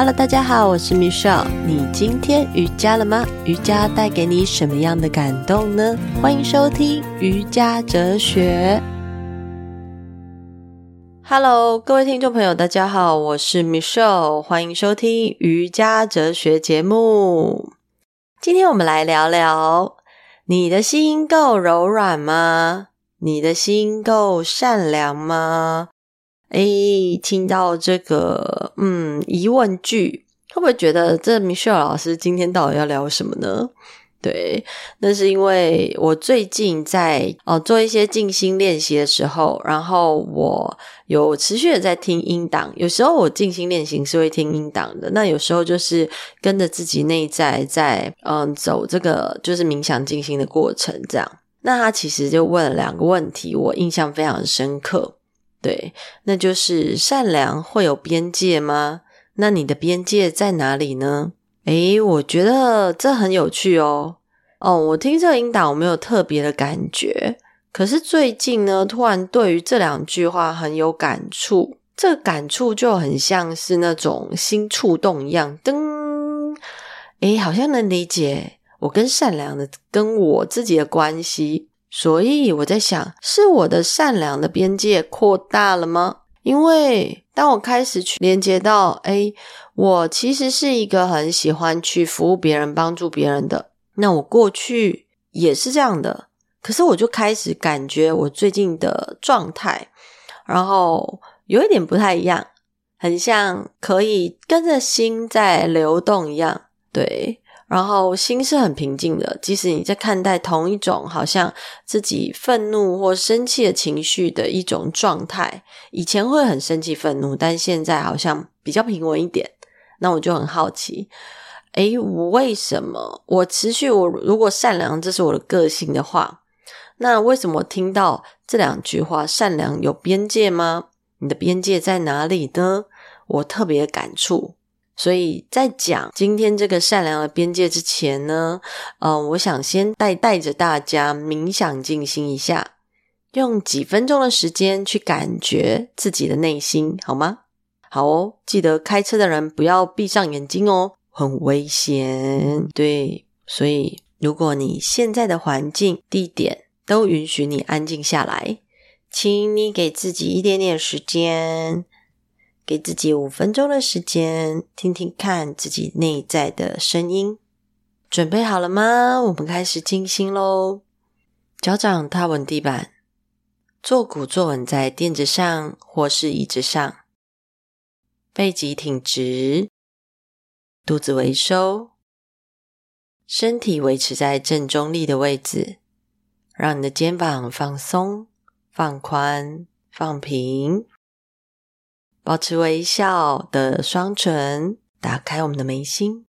Hello，大家好，我是 Michelle。你今天瑜伽了嗎？瑜伽帶給你什麼樣的感動呢？歡迎收聽瑜伽哲學。Hello，各位聽眾朋友，大家好，我是 Michelle，歡迎收聽瑜伽哲學節目。今天我們來聊聊，你的心夠柔軟嗎？你的心夠善良嗎？欸，聽到這個嗯疑問句，會不會覺得這 Michelle 老師今天到底要聊什麼呢？對，那是因為我最近在哦、呃、做一些靜心練習的時候，然後我有持續的在聽音檔。有時候我靜心練習是會聽音檔的，那有時候就是跟着自己內在在嗯、呃、走這個就是冥想靜心的過程這樣。那他其實就問了兩個問題，我印象非常深刻。對，那就是善良會有邊界嗎？那你的邊界在哪裡呢？哎，我覺得這很有趣哦。哦，我聽這個引導，我沒有特別的感覺，可是最近呢，突然對於這兩句話很有感觸。這個感觸就很像是那種心觸動一樣，噔！哎，好像能理解我跟善良的，跟我自己的關係。所以我在想，是我的善良的邊界擴大了嗎？因為當我開始去連接到，哎、欸，我其實是一個很喜歡去服務別人、幫助別人的。那我過去也是這樣的，可是我就開始感覺我最近的狀態，然後有一點不太一樣，很像可以跟着心在流動一樣，對。然後心是很平靜的，即使你在看待同一種，好像自己憤怒或生氣的情緒的一種狀態。以前會很生氣、憤怒，但現在好像比較平穩一點。那我就很好奇，哎，為什麼我持續我如果善良，這是我的個性的話，那為什麼我聽到這兩句話，善良有邊界嗎？你的邊界在哪裡呢？我特別感觸。所以在講今天這個善良的邊界之前呢，呃，我想先帶帶着大家冥想靜心一下，用幾分鐘的時間去感覺自己的內心，好嗎？好哦，記得開車的人不要閉上眼睛哦，很危險。對，所以如果你現在的環境、地點都允許你安靜下來，請你給自己一點點時間。給自己五分鐘的時間，聽聽看自己內在的聲音。準備好了嗎？我們開始靜心嘍。腳掌踏穩地板，坐骨坐穩在墊子上或是椅子上，背脊挺直，肚子微收，身體維持在正中立的位置。讓你的肩膀放鬆、放寬、放平。保持微笑的雙唇，打開我們的眉心，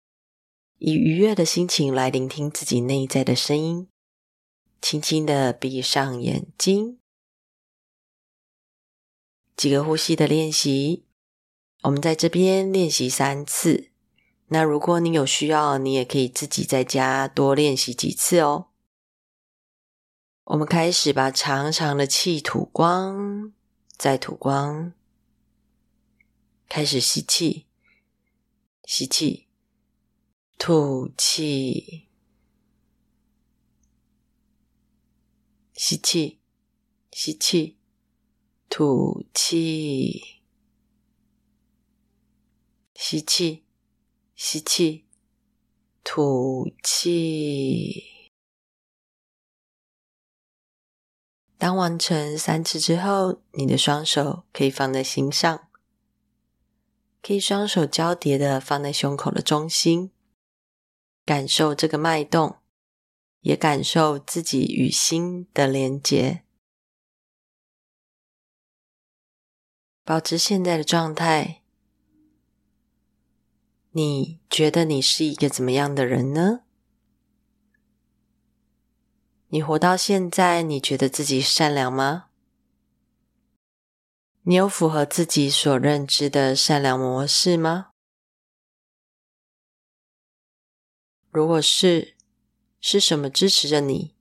以愉悅的心情來聆聽自己內在的聲音。輕輕的閉上眼睛，幾個呼吸的練習，我們在這邊練習三次。那如果你有需要，你也可以自己在家多練習幾次哦。我們開始把長長的氣吐光，再吐光。開始吸氣，吸氣，吐氣，吸氣，吸氣，吐氣，吸氣，吸氣，吐氣。當完成三次之後，你的雙手可以放在心上。可以雙手交疊的放在胸口的中心，感受這個脈動，也感受自己與心的連接。保持現在的狀態，你覺得你是一個怎麼樣的人呢？你活到現在，你覺得自己善良嗎？你有符合自己所認知的善良模式嗎？如果是，是什麼支持着你，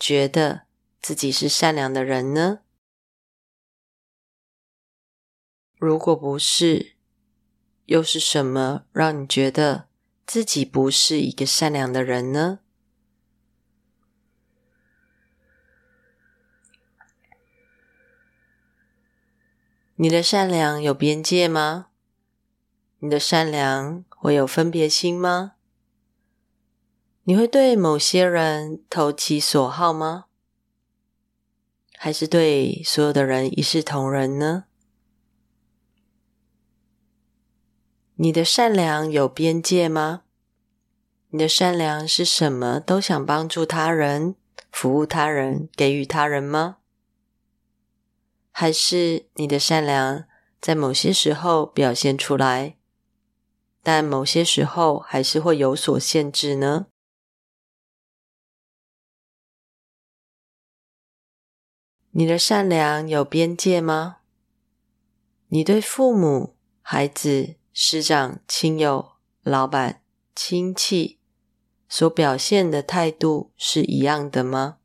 覺得自己是善良的人呢？如果不是，又是什麼讓你覺得自己不是一個善良的人呢？你的善良有邊界嗎？你的善良會有分別心嗎？你會對某些人投其所好嗎？還是對所有的人一視同仁呢？你的善良有邊界嗎？你的善良是什麼都想幫助他人、服務他人、給予他人嗎？還是你的善良在某些時候表現出來，但某些時候還是會有所限制呢？你的善良有邊界嗎？你對父母、孩子、師長、親友、老板、親戚所表現的態度是一樣的嗎？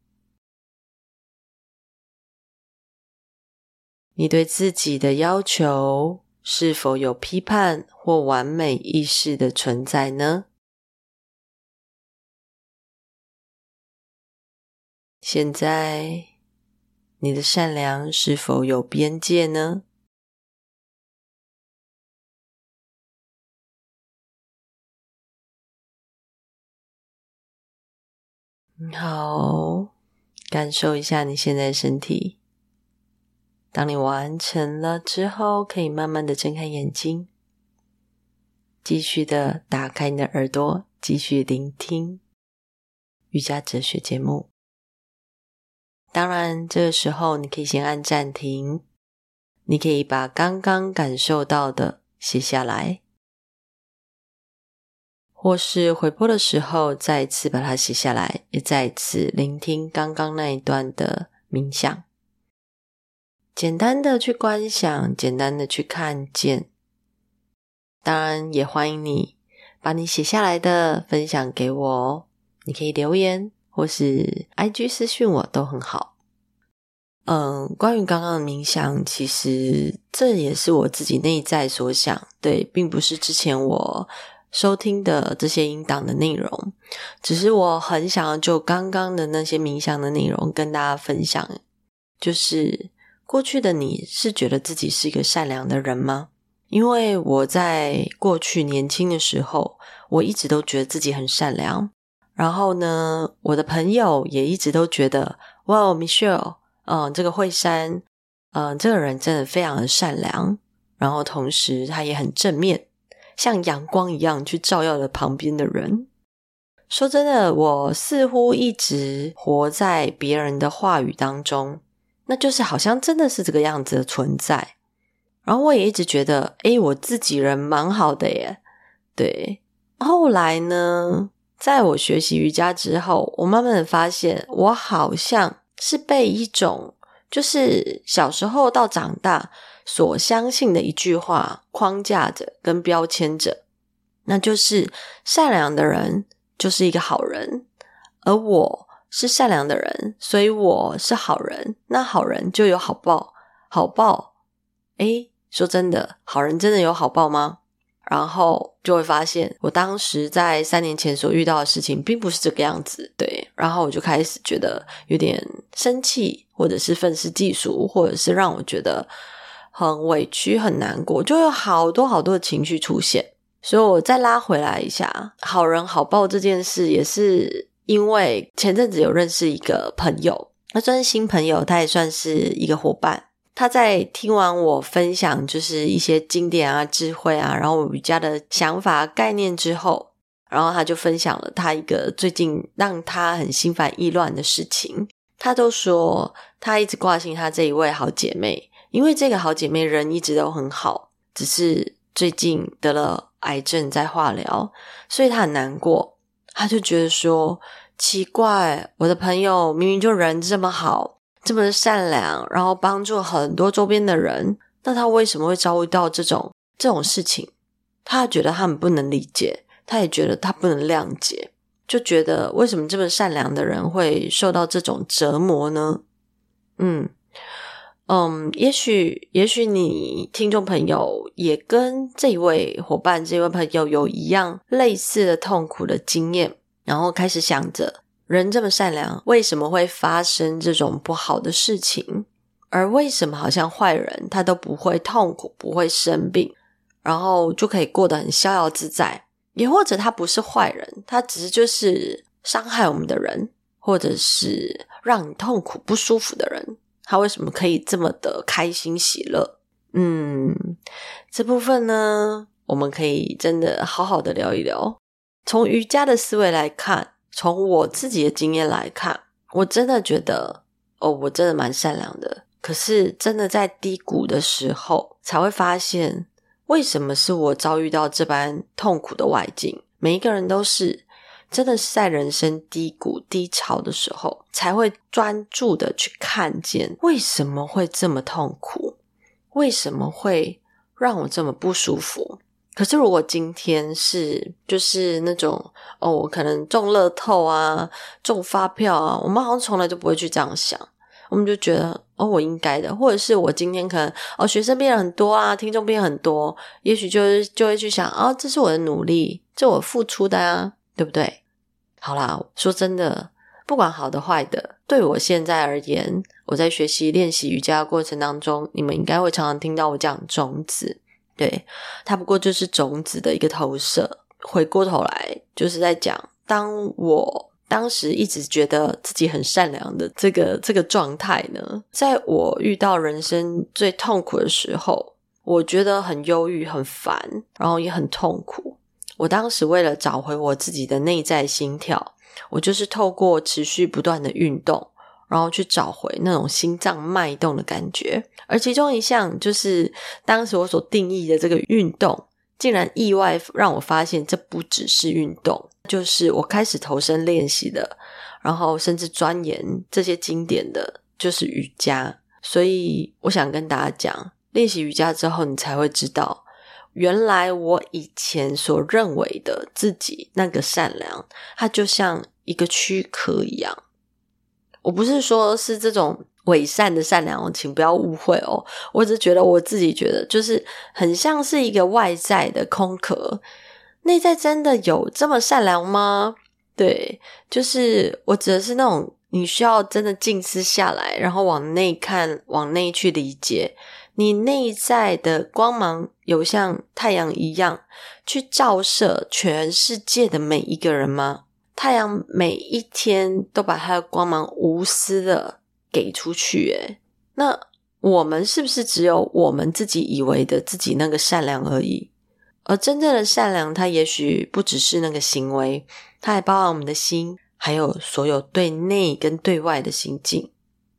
你對自己的要求是否有批判或完美意識的存在呢？現在你的善良是否有邊界呢？你好，感受一下你現在身體。當你完成了之後，可以慢慢的睜開眼睛，繼續的打開你的耳朵，繼續聆聽瑜伽哲學節目。當然，這個時候你可以先按暫停，你可以把剛剛感受到的寫下來，或是回播的時候再一次把它寫下來，也再一次聆聽剛剛那一段的冥想。簡單的去觀想，簡單的去看見。當然，也歡迎你把你寫下來的分享給我哦。你可以留言，或是 IG 私訊我都很好。嗯，關於剛剛的冥想，其實這也是我自己內在所想，對，並不是之前我收聽的這些音檔的內容。只是我很想要就剛剛的那些冥想的內容跟大家分享，就是。過去的你是覺得自己是一個善良的人嗎？因為我在過去年輕的時候，我一直都覺得自己很善良。然後呢，我的朋友也一直都覺得，哇哦，Michelle，嗯，呃，這個慧珊，嗯，呃，這個人真的非常的善良。然後同時，他也很正面，像陽光一樣去照耀著旁邊的人。說真的，我似乎一直活在別人的話語當中。那就是好像真的是這個樣子的存在，然後我也一直覺得，誒，我自己人蠻好的耶，對。後來呢，在我學習瑜伽之後，我慢慢的發現，我好像是被一種，就是小時候到長大所相信的一句話框架着跟標籤着，那就是善良的人就是一個好人，而我。是善良的人，所以我是好人。那好人就有好報，好報。誒，說真的，好人真的有好報嗎？然後就會發現，我當時在三年前所遇到的事情並不是這個樣子。對，然後我就開始覺得有點生氣，或者是憤世嫉俗，或者是讓我覺得很委屈、很難過，就有好多好多的情緒出現。所以我再拉回來一下，好人好報這件事也是。因為前陣子有認識一個朋友，那算是新朋友，他也算是一個夥伴。他在聽完我分享，就是一些經典啊、智慧啊，然後我瑜伽的想法、概念之後，然後他就分享了他一個最近讓他很心煩意亂的事情。他都說他一直掛心他這一位好姐妹，因為這個好姐妹人一直都很好，只是最近得了癌症在化療，所以他很難過。他就覺得說奇怪，我的朋友明明就人這麼好，這麼善良，然後幫助很多周邊的人，那他為什麼會遭遇到這種這種事情？他覺得他很不能理解，他也覺得他不能諒解，就覺得為什麼這麼善良的人會受到這種折磨呢？嗯。嗯，um, 也許，也許你聽眾朋友也跟這一位夥伴、這一位朋友有一樣類似的痛苦的經驗，然後開始想着：人這麼善良，為什麼會發生這種不好的事情？而為什麼好像壞人他都不會痛苦、不會生病，然後就可以過得很逍遙自在？也或者他不是壞人，他只是就是傷害我們的人，或者是讓你痛苦、不舒服的人。他為什麼可以這麼的開心喜樂？嗯，這部分呢，我們可以真的好好的聊一聊。從瑜伽的思維來看，從我自己的經驗來看，我真的覺得，哦，我真的蠻善良的。可是，真的在低谷的時候，才會發現為什麼是我遭遇到這般痛苦的外境。每一個人都是。真的是在人生低谷、低潮的時候，才會專注的去看見為什麼會這麼痛苦，為什麼會讓我這麼不舒服。可是如果今天是，就是那種哦，我可能中樂透啊，中發票啊，我們好像從來就不會去這樣想，我們就覺得哦，我應該的，或者是我今天可能哦，學生變很多啊，聽眾變很多，也許就就會去想啊、哦，這是我的努力，這我付出的啊，對不對？好啦，說真的，不管好的壞的，對我現在而言，我在學習練習瑜伽的過程當中，你們應該會常常聽到我講種子，對，它不過就是種子的一個投射。回過頭來，就是在講，當我當時一直覺得自己很善良的這個這個狀態呢，在我遇到人生最痛苦的時候，我覺得很憂鬱、很煩，然後也很痛苦。我當時為了找回我自己的內在心跳，我就是透過持續不斷的運動，然後去找回那種心臟脈動的感覺。而其中一項就是當時我所定義的這個運動，竟然意外讓我發現，這不只是運動，就是我開始投身練習的，然後甚至鑽研這些經典的，就是瑜伽。所以我想跟大家講，練習瑜伽之後，你才會知道。原來我以前所認為的自己那個善良，它就像一個軀殼一樣。我不是說，是這種偽善的善良哦，請不要誤會哦。我只覺得我自己覺得，就是很像是一個外在的空殼，內在真的有這麼善良嗎？對，就是我指的是那種你需要真的靜思下來，然後往內看，往內去理解。你內在的光芒有像太陽一樣去照射全世界的每一個人嗎？太陽每一天都把它的光芒無私的給出去，誒。那我們是不是只有我們自己以為的自己那個善良而已？而真正的善良，它也許不只是那個行為，它還包含我們的心，還有所有對內跟對外的心境。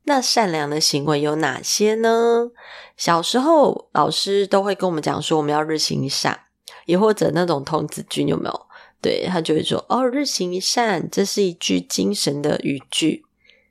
那善良的行為有哪些呢？小時候老師都會跟我們講說，我們要日行一善，也或者那種童子軍有沒有？對，他就會說哦，日行一善，這是一句精神的語句。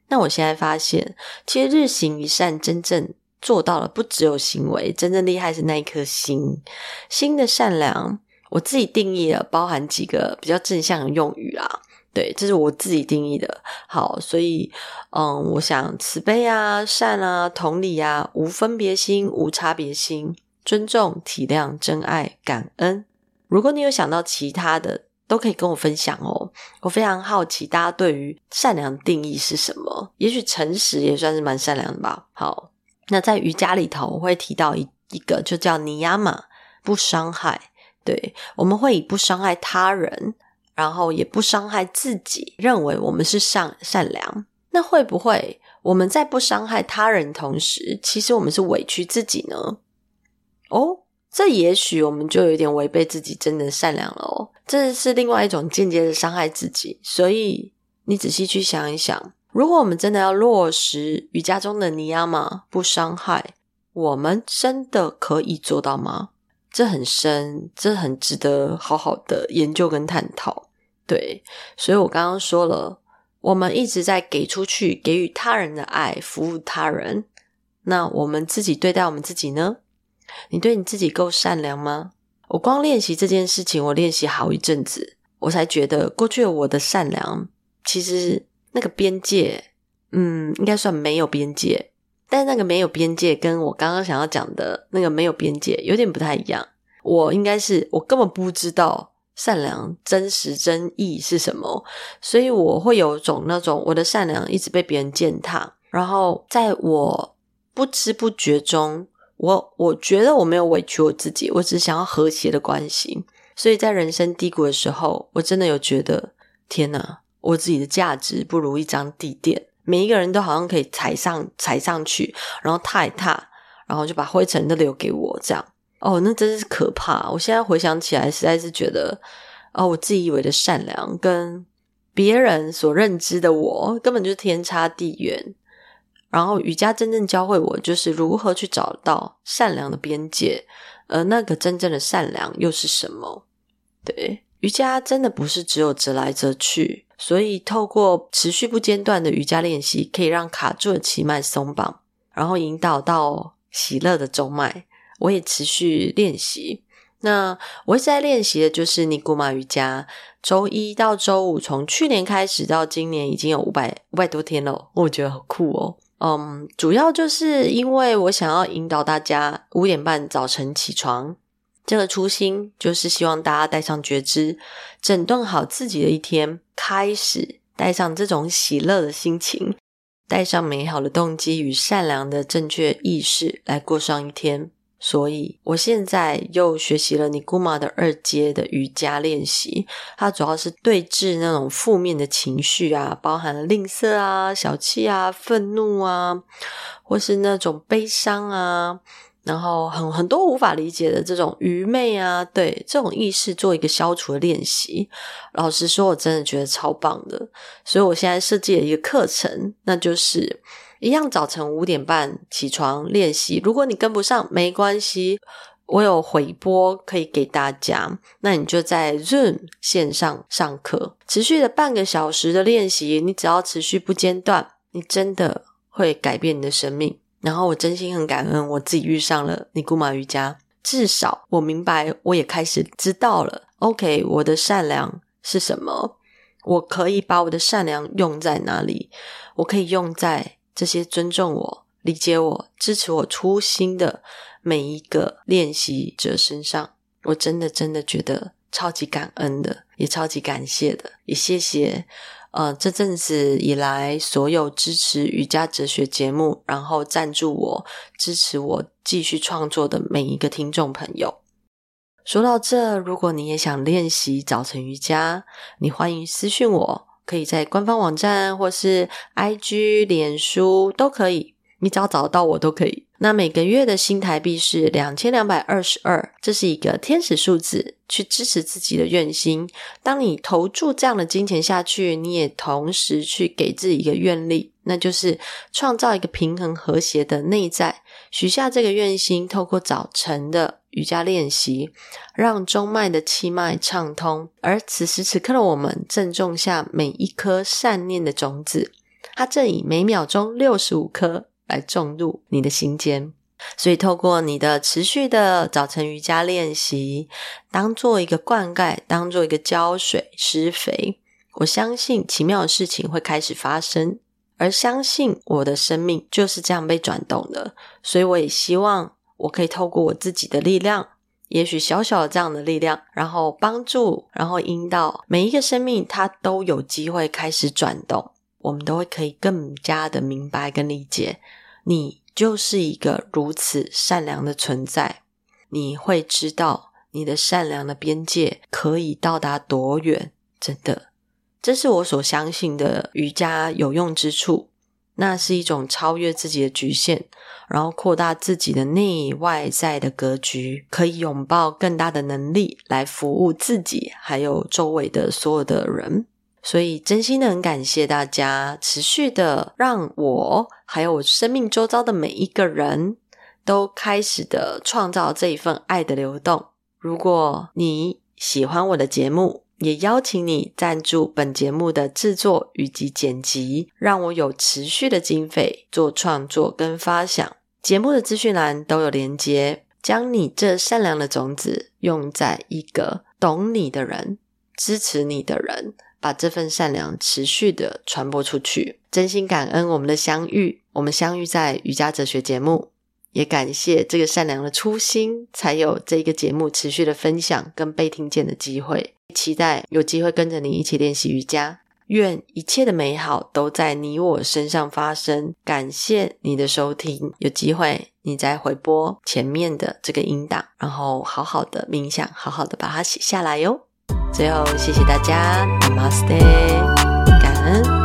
那我現在發現，其實日行一善真正做到了，不只有行為，真正厲害是那一顆心。心的善良，我自己定義了，包含幾個比較正向的用語啦、啊。對，這是我自己定義的。好，所以嗯，我想慈悲啊、善啊、同理啊、無分別心、無差別心、尊重、體諒、真愛、感恩。如果你有想到其他的，都可以跟我分享哦。我非常好奇大家對於善良的定義是什麼？也許誠實也算是蠻善良的吧。好，那在瑜伽裡頭我會提到一一個，就叫尼亞瑪，不傷害。對，我們會以不傷害他人。然後也不傷害自己，認為我們是善善良，那會不會我們在不傷害他人同時，其實我們是委屈自己呢？哦，這也許我們就有點違背自己真的善良了哦，這是另外一種間接的傷害自己。所以你仔細去想一想，如果我們真的要落實瑜伽中的尼亞瑪不傷害，我們真的可以做到嗎？這很深，這很值得好好的研究跟探討。對，所以我剛剛說了，我們一直在給出去，給予他人的愛，服務他人。那我們自己對待我們自己呢？你對你自己夠善良嗎？我光練習這件事情，我練習好一陣子，我才覺得過去的我的善良，其實那個邊界，嗯，應該算沒有邊界。但那個沒有邊界，跟我剛剛想要講的那個沒有邊界有點不太一樣。我應該是我根本不知道善良、真實、真意是什麼，所以我會有種那種我的善良一直被別人踐踏，然後在我不知不覺中，我我覺得我沒有委屈我自己，我只想要和諧的關係。所以在人生低谷的時候，我真的有覺得，天哪，我自己的價值不如一張地墊。每一個人都好像可以踩上、踩上去，然後踏一踏，然後就把灰塵都留給我這樣。哦，那真是可怕！我現在回想起來，實在是覺得，哦，我自己以為的善良，跟別人所認知的我，根本就是天差地遠。然後瑜伽真正教會我，就是如何去找到善良的邊界，而那個真正的善良又是什麼？對。瑜伽真的不是只有折來折去，所以透過持續不間斷的瑜伽練習，可以讓卡住的氣脈鬆綁，然後引導到喜樂的中脈。我也持續練習，那我一直在練習的就是妮古瑪瑜伽，週一到週五，從去年開始到今年已經有五百五百多天了，我覺得很酷哦。嗯，主要就是因為我想要引導大家五點半早晨起床。這個初心就是希望大家帶上覺知，整頓好自己的一天，開始帶上這種喜樂的心情，帶上美好的動機與善良的正確意識來過上一天。所以，我現在又學習了妮古瑪的二階的瑜伽練習，它主要是對治那種負面的情緒啊，包含吝嗇啊、小氣啊、憤怒啊，或是那種悲傷啊。然後很很多無法理解的這種愚昧啊，對這種意識做一個消除的練習。老實說，我真的覺得超棒的，所以我現在設計了一個課程，那就是一樣早晨五點半起床練習。如果你跟不上沒關係，我有回播可以給大家。那你就在 Zoom 線上上課，持續的半個小時的練習，你只要持續不間斷，你真的會改變你的生命。然後我真心很感恩，我自己遇上了妮古瑪瑜伽，至少我明白，我也開始知道了。OK，我的善良是什麼？我可以把我的善良用在哪裡？我可以用在這些尊重我、理解我、支持我初心的每一個練習者身上。我真的真的覺得超級感恩的，也超級感謝的，也謝謝。呃，這陣子以來，所有支持瑜伽哲學節目，然後贊助我、支持我繼續創作的每一個聽眾朋友。說到這，如果你也想練習早晨瑜伽，你歡迎私訊我，可以在官方網站或是 IG、臉書都可以，你只要找到我都可以。那每個月的新台幣是兩千兩百二十二，這是一個天使數字，去支持自己的願心。當你投注這樣的金錢下去，你也同時去給自己一個願力，那就是創造一個平衡和諧的內在。許下這個願心，透過早晨的瑜伽練習，讓中脈的氣脈暢通。而此時此刻的我們，正種下每一顆善念的種子，它正以每秒鐘六十五顆，來種入你的心間，所以透過你的持續的早晨瑜伽練習，當做一個灌溉，當做一個澆水、施肥，我相信奇妙的事情會開始發生，而相信我的生命就是這樣被轉動的。所以我也希望我可以透過我自己的力量，也許小小的這樣的力量，然後幫助，然後引導，每一個生命，它都有機會開始轉動。我們都會可以更加的明白跟理解，你就是一個如此善良的存在。你會知道你的善良的邊界可以到達多遠？真的，這是我所相信的瑜伽有用之處。那是一種超越自己的局限，然後擴大自己的內外在的格局，可以擁抱更大的能力來服務自己，還有周圍的所有的人。所以，真心的很感謝大家持續的讓我，還有我生命周遭的每一個人都開始的創造這一份愛的流動。如果你喜歡我的節目，也邀請你贊助本節目的制作以及剪輯，讓我有持續的經費做創作跟發想。節目的資訊欄都有連接，將你這善良的種子用在一個懂你的人、支持你的人。把這份善良持續的傳播出去，真心感恩我們的相遇，我們相遇在瑜伽哲學節目，也感謝這個善良的初心，才有這個節目持續的分享跟被聽見的機會。期待有機會跟着你一起練習瑜伽，願一切的美好都在你我身上發生。感謝你的收聽，有機會你再回播前面的這個音檔，然後好好的冥想，好好的把它寫下來喲。最後，謝謝大家，Namaste，感恩。感恩。